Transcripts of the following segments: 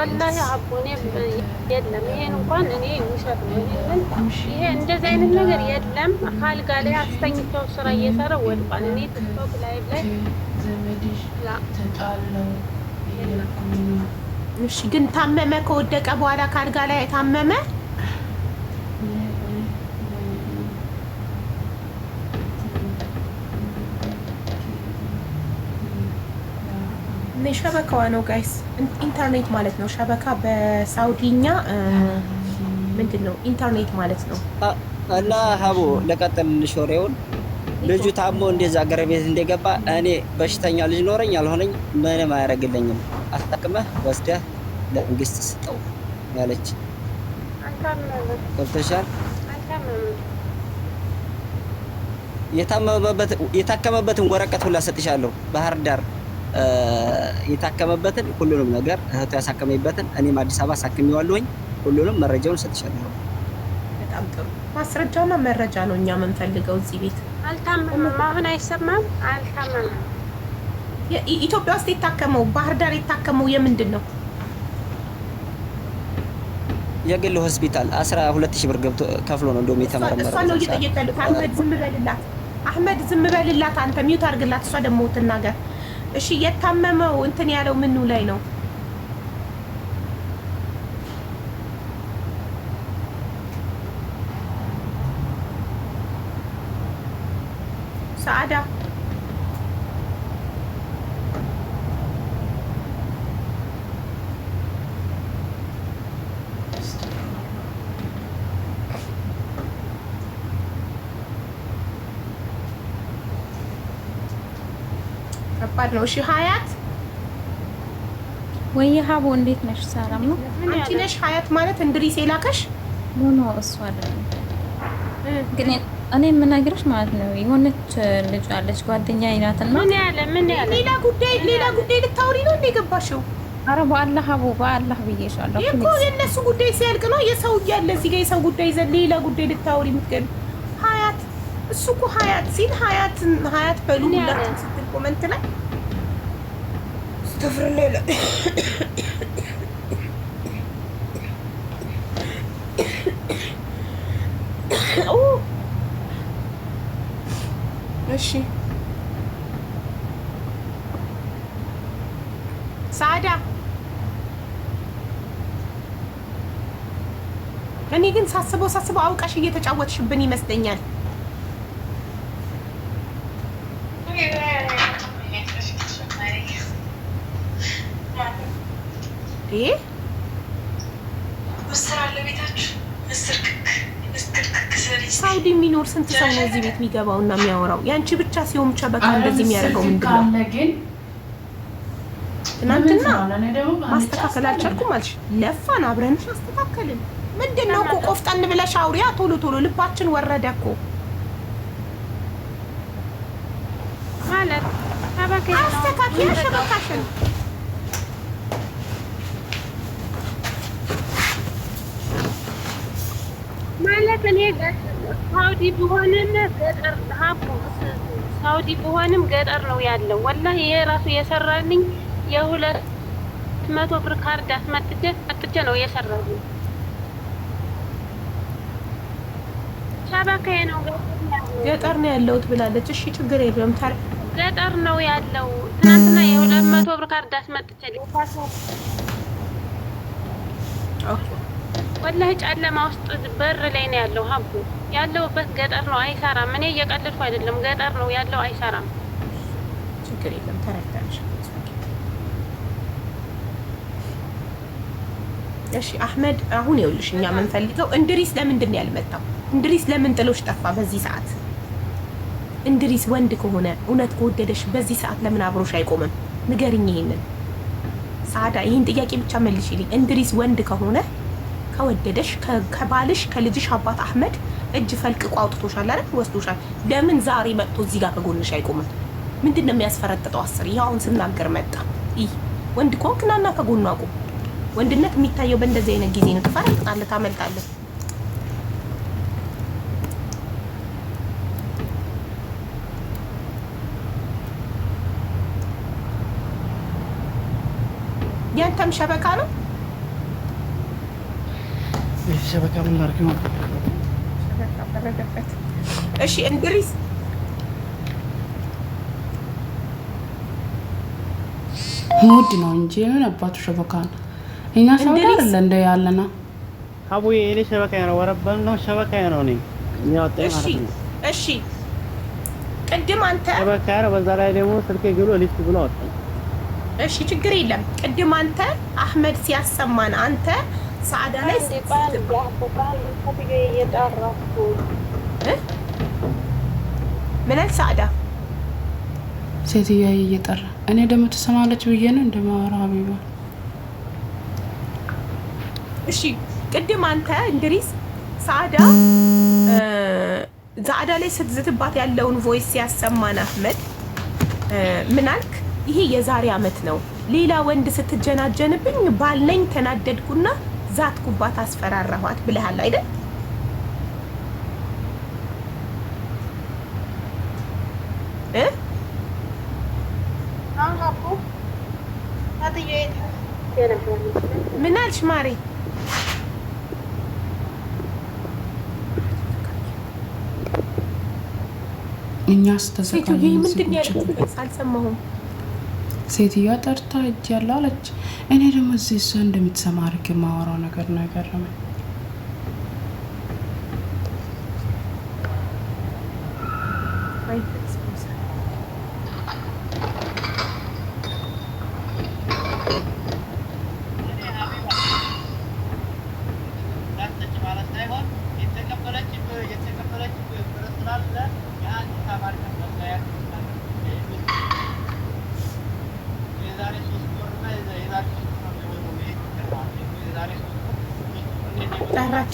ወላሂ አቦ እኔ የለም ይሄን እንኳን እኔ ውሸት ነው። ይሄንን ይሄ እንደዚህ አይነት ነገር የለም። አልጋ ላይ አስተኝተው ስራ እየሰራ ወድቋል። እኔ ቲክቶክ ላይ ላይ እሺ፣ ግን ታመመ ከወደቀ በኋላ ከአልጋ ላይ የታመመ ሸበካዋ ነው ጋይስ፣ ኢንተርኔት ማለት ነው። ሸበካ በሳውዲኛ ምንድን ነው? ኢንተርኔት ማለት ነው። እና ሀቡ ለቀጥልልሽ ወሬውን ልጁ ታሞ እንደዛ አገር ቤት እንደገባ እኔ በሽተኛ ልጅ ኖረኝ አልሆነኝ ምንም አያደርግልኝም። አስጠቅመህ ወስደህ ለመንግስት ስጠው ያለች ገብተሻል። የታከመበትን ወረቀት ሁላ ሰጥሻለሁ ባህር ዳር የታከመበትን ሁሉንም ነገር እህቱ ያሳከመበትን እኔም አዲስ አበባ አሳክሜዋለሁኝ። ሁሉንም መረጃውን ሰጥሻለሁ። በጣም ጥሩ ማስረጃና መረጃ ነው እኛ የምንፈልገው። እዚህ ቤት አልታመመም። አሁን አይሰማም። አልታመመም። ኢትዮጵያ ውስጥ የታከመው ባህር ዳር የታከመው የምንድን ነው? የግል ሆስፒታል አስራ ሁለት ሺህ ብር ገብቶ ከፍሎ ነው እንደውም የተመረመረው። እሷ ነው እየጠየቀልክ። አህመድ ዝም በልላት፣ አህመድ ዝም በልላት። አንተ ሚውት አድርግላት። እሷ ደግሞ ትናገር እሺ የታመመው እንትን ያለው ምኑ ላይ ነው? ከባድ ነው። እሺ ሀያት ወይ ሀቦ እንዴት ነሽ? ሰላም ነው? አንቺ ነሽ ሀያት ማለት እንድሪስ የላከሽ? ኖ ኖ፣ እሱ አይደለም። ግን እኔ የምነግርሽ ማለት ነው የሆነች ልጅ አለች ጓደኛ ይናት እና ምን ያለ ምን ያለ ሌላ ጉዳይ ሌላ ጉዳይ ልታውሪ ነው እንዴ ገባሽው? አረ በአላህ አቦ በአላህ ብዬሻለሁ እኮ የእነሱ ጉዳይ ሲያልቅ ነው የሰው እያለ እዚህ ጋር የሰው ጉዳይ ይዘን ሌላ ጉዳይ ልታውሪ የምትገል ሀያት። እሱ እኮ ሀያት ሲል ሀያት ሀያት በሉ ሁላችን ስትል ኮመንት ላይ እሺ ሳዳ እኔ ግን ሳስበው ሳስበው አውቃሽ እየተጫወትሽብን ይመስለኛል። ይሄ ሳውዲ የሚኖር ስንት ሰው ነው እዚህ ቤት የሚገባውና የሚያወራው? ያንቺ ብቻ ሲሆን ብቻ በቃ እንደዚህ የሚያደርገው ምንድን ነው? ትናንትና ማስተካከል አልቻልኩም አልሽ። ለፋን አብረን አስተካከልን። ምንድን ነው እኮ ቆፍጠን ብለሽ አውሪያ። ቶሎ ቶሎ ልባችን ወረደ እኮ ማለት አስተካክያ ሸበካሽን ማለት እኔ ሳውዲ ብሆንም ገጠር ሳውዲ ብሆንም ገጠር ነው ያለው። ወላሂ ይሄ ራሱ የሰራልኝ የሁለት መቶ ብር ካርድ አስመጥቼ አጥቼ ነው የሰራልኝ። ሻባካዬ ነው ገጠር ነው ያለሁት ብላለች። እሺ ችግር የለም ታር ገጠር ነው ያለው። ትናንትና የሁለት መቶ ብር ካርድ አስመጥቼ ኦኬ ወላሂ ጨለማ ውስጥ በር ላይ ነው ያለው ሀቡ ያለውበት ገጠር ነው አይሰራም። እኔ እየቀለድኩ አይደለም፣ ገጠር ነው ያለው አይሰራም። ችግር የለም ተረዳሽ። እሺ አህመድ፣ አሁን ይኸውልሽ እኛ የምንፈልገው እንድሪስ ለምንድን ነው ያልመጣው? እንድሪስ ለምን ጥሎሽ ጠፋ? በዚህ ሰዓት እንድሪስ ወንድ ከሆነ እውነት ከወደደሽ በዚህ ሰዓት ለምን አብሮሽ አይቆምም? ንገርኝ። ይሄንን ሳዳ፣ ይህን ጥያቄ ብቻ መልሽልኝ። እንድሪስ ወንድ ከሆነ ከወደደሽ ከባልሽ ከልጅሽ አባት አህመድ እጅ ፈልቅቆ አውጥቶሻል አይደል? ወስዶሻል። ለምን ዛሬ መጥቶ እዚህ ጋር ከጎንሽ አይቆምም? ምንድን ነው የሚያስፈረጥጠው? አስር ይህ አሁን ስናገር መጣ። ይህ ወንድ ከሆንክ ናና ከጎኑ አቁም። ወንድነት የሚታየው በእንደዚህ አይነት ጊዜ ነው። ትፈረጥጣለህ፣ ታመልጣለህ። ያንተም ሸበካ ነው። ሸበካ ምን ላድርግ ነው? ሸበካ በረደበት። እሺ እንድሪስ ሙድ ነው እንጂ ምን አባቱ ሸበካ ነው። እኛ ሰውዳ አይደለ እንደ ያለና አቡዬ እኔ ሸበካ ነው ወረበል ነው ሸበካ ነው ነኝ እሺ እሺ ቅድም አንተ ሸበካ ነው። በዛ ላይ ደግሞ ስልኬ ግሎ ሊፍት ብሎ ወጣ። እሺ ችግር የለም። ቅድም አንተ አህመድ ሲያሰማን አንተ ሰዓዳ ላይ ምንል ሰዓዳ ሴትዮዋ እየጠራ እኔ ደግሞ ተሰማለች ብዬ ነው እንደማወራ ሀቢባ። እሺ ቅድም አንተ እንግዲህ ሰዓዳ ሰዓዳ ላይ ስትዝትባት ያለውን ቮይስ ያሰማን አህመድ ምን አልክ? ይሄ የዛሬ አመት ነው ሌላ ወንድ ስትጀናጀንብኝ ባልነኝ ተናደድኩና ዛት ኩባት አስፈራራኋት ብለሃል አይደል? ምን አልሽ ማሬ? እኛ ስተዘጋኝ ምንድን ያለችበት አልሰማሁም። ሴትዮዋ ጠርታ እጅ ያለ አለች። እኔ ደግሞ እዚህ እሷ እንደምትሰማ አድርጌ የማወራው ነገር ነው የገረመኝ።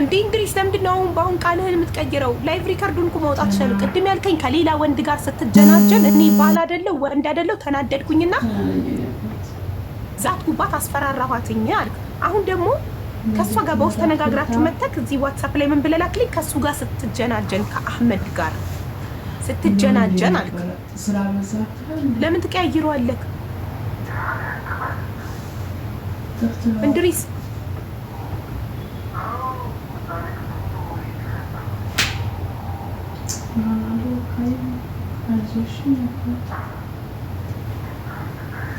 እንዴ እንግዲህ ለምንድን ነው አሁን በአሁን ቃልህን የምትቀይረው? ላይቭ ሪከርዱን እኮ ማውጣት ይችላል። ቅድም ያልከኝ ከሌላ ወንድ ጋር ስትጀናጀን እኔ ባል አይደለሁ ወንድ አይደለሁ ተናደድኩኝና ዛት ጉባት አስፈራራኋትኝ አልክ። አሁን ደግሞ ከእሷ ጋር በውስጥ ተነጋግራችሁ መተክ እዚህ ዋትሳፕ ላይ ምን ብለህ ላክልኝ። ከእሱ ጋር ስትጀናጀን ከአህመድ ጋር ስትጀናጀን አልክ። ለምን ትቀያይረዋለህ? እንድሪስ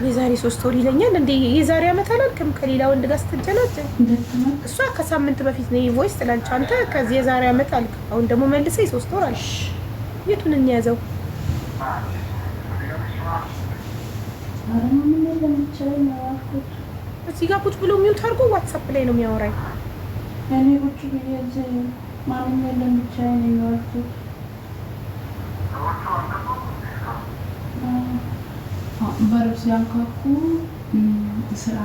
የዛሬ ሶስት ወር ይለኛል እንደ የዛሬ ዓመት አላልክም? ከሌላ ወንድ ጋር ስትጀናጀ እሷ ከሳምንት በፊት ነው ቮይስ ትላንች። አንተ ከዚህ የዛሬ ዓመት አልክ። አሁን ደግሞ መልሰ ሶስት ወር አልሽ። የቱን እንያዘው? አረ ምን እዚህ ጋር ቁጭ ብሎ የሚውል ታርጎ ዋትሳፕ ላይ ነው የሚያወራኝ። እኔ ቁጭ ብዬ እዚህ ማንም የለም ብቻዬን ነው የሚወርቱ በርብ ሲያንኳኩ ስራ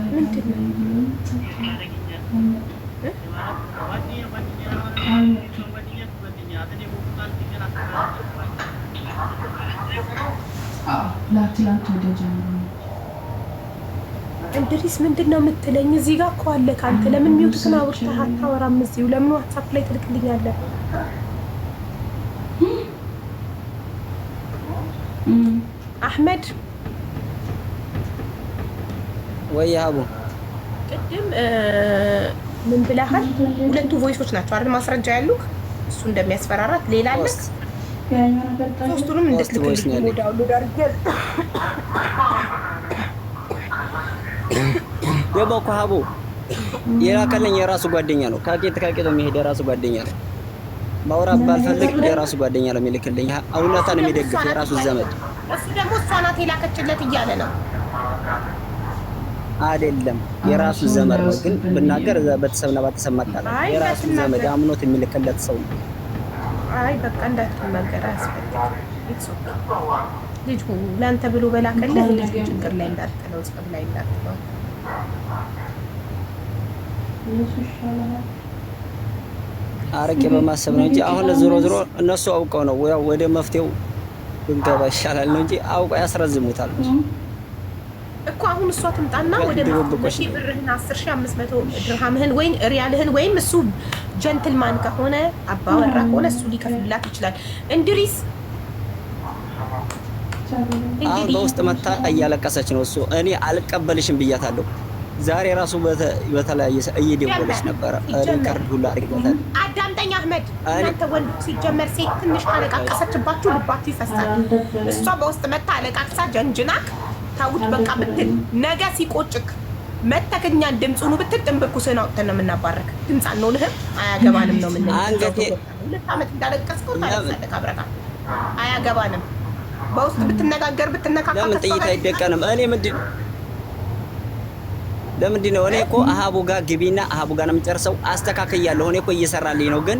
ላትላንት ወደ ጀምሮ እንድሪስ ምንድን ነው የምትለኝ? እዚህ ጋር እኮ አለ ከአንተ ለምን ሚውቱትን አውርተህ አታወራም? እዚሁ ለምን ዋትሳፕ ላይ ትልክልኛለህ? አህመድ ወይ ሀቡ ቅድም ምን ብለሃል? ሁለቱ ቮይሶች ናቸው አይደል? ማስረጃ ያሉክ እሱ እንደሚያስፈራራት ሌላ አለ። ሶስቱንም እንደስልክልኝ ሞዳውሉ ዳርጌ የቦኮ ሀቡ የላከልኝ የራሱ ጓደኛ ነው። ከቄት ከቄት የሚሄድ የራሱ ጓደኛ ነው። ማውራ ባልፈልግ የራሱ ጓደኛ ነው የሚልክልኝ። እውነታን የሚደግፍ የራሱ ዘመድ። እሱ ደግሞ እሷ ናት የላከችለት እያለ ነው። አይደለም የራሱ ዘመድ ነው። ግን ብናገር በተሰብና ባተሰማታ የራሱ ዘመድ አምኖት የሚልክለት ሰው ነው። አይ በቃ እንዳትመገር አያስፈልግም። ልጅ ለአንተ ብሎ በላከልህ ልጅ ችግር ላይ እንዳትጥለው፣ ጸብ ላይ እንዳትጥለው። አረቄ በማሰብ ነው እንጂ አሁን ዞሮ ዞሮ እነሱ አውቀው ነው ያው ወደ መፍትሄው ብንገባ ይሻላል ነው እንጂ አውቀው ያስረዝሙታል እኮ። አሁን እሷ ትምጣና ወደ ብርህን አስር ሺህ አምስት መቶ ድርሃምህን ወይም ሪያልህን ወይም እሱ ጀንትልማን ከሆነ አባወራ ከሆነ እሱ ሊከፍልላት ይችላል እንድሪስ አሁን በውስጥ መታ እያለቀሰች ነው። እሱ እኔ አልቀበልሽም ብያታለሁ። ዛሬ ራሱ በተለያየ እየደወለች ነበረ። ሪከርድ ሁላ አድርገታል። አዳምጠኝ አህመድ፣ እናንተ ወንዶች ሲጀመር ሴት ትንሽ ካለቃቀሰችባችሁ ልባችሁ ይፈሳል። እሷ በውስጥ መታ አለቃቅሳ ጀንጅናክ ታውት በቃ ብትል ነገ ሲቆጭክ መተከኛ ድምፅ ሁኑ ብትል ጥንብኩስህን አውጥተን ነው የምናባረክ። ድምፅ አንሆንህም፣ አያገባንም ነው ምን ሁለት ዓመት እንዳለቀስከው ታለቃለቅ አብረቃ አያገባንም በውስጥ ብትነጋገር ብትነካካ ለምን ጥይት አይደቀንም? እኔ ምንድን ለምንድን ነው እኔ እኮ አሃቡ ጋር ግቢና አሃቡ ጋር ነው የምጨርሰው። አስተካክያለሁ። እኔ እኮ እየሰራልኝ ነው፣ ግን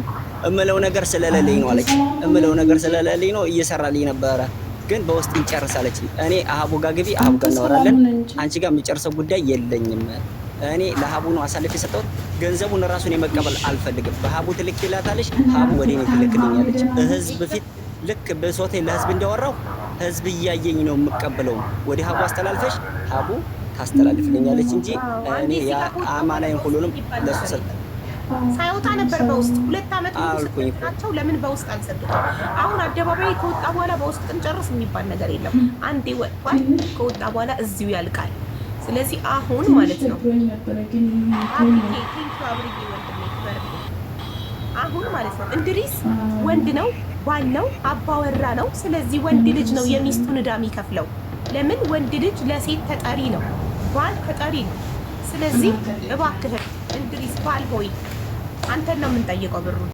እምለው ነገር ስለሌለኝ ነው አለች። እምለው ነገር ስለሌለኝ ነው። እየሰራልኝ ነበረ፣ ግን በውስጥ ይጨርሳለች። እኔ አሃቡ ጋር ግቢ፣ አሃቡ ጋር እናወራለን። አንቺ ጋር የምጨርሰው ጉዳይ የለኝም። እኔ ለሀቡ ነው አሳልፍ የሰጠሁት። ገንዘቡን ራሱን የመቀበል አልፈልግም። በሀቡ ትልክ ይላታለች፣ ሀቡ ወደ እኔ ትልክልኛለች። ህዝብ ፊት ልክ ብሶቴ ለህዝብ እንዳወራው ህዝብ እያየኝ ነው የምቀበለው። ወደ ሀቡ አስተላልፈሽ ሀቡ ታስተላልፍልኛለች እንጂ እኔ አማናይን ሁሉንም ለሱ ሰጠ ሳይወጣ ነበር በውስጥ ሁለት ዓመት ናቸው። ለምን በውስጥ አልሰጡት? አሁን አደባባይ ከወጣ በኋላ በውስጥ እንጨርስ የሚባል ነገር የለም። አንዴ ወጥቷል። ከወጣ በኋላ እዚሁ ያልቃል። ስለዚህ አሁን ማለት ነው አሁን ማለት ነው እንድሪስ ወንድ ነው ባል ነው፣ አባወራ ነው። ስለዚህ ወንድ ልጅ ነው የሚስቱን ዕዳ የሚከፍለው። ለምን ወንድ ልጅ ለሴት ተጠሪ ነው፣ ባል ተጠሪ ነው። ስለዚህ እባክህ እንግሊዝ ባል ሆይ አንተን ነው የምንጠይቀው ብሩ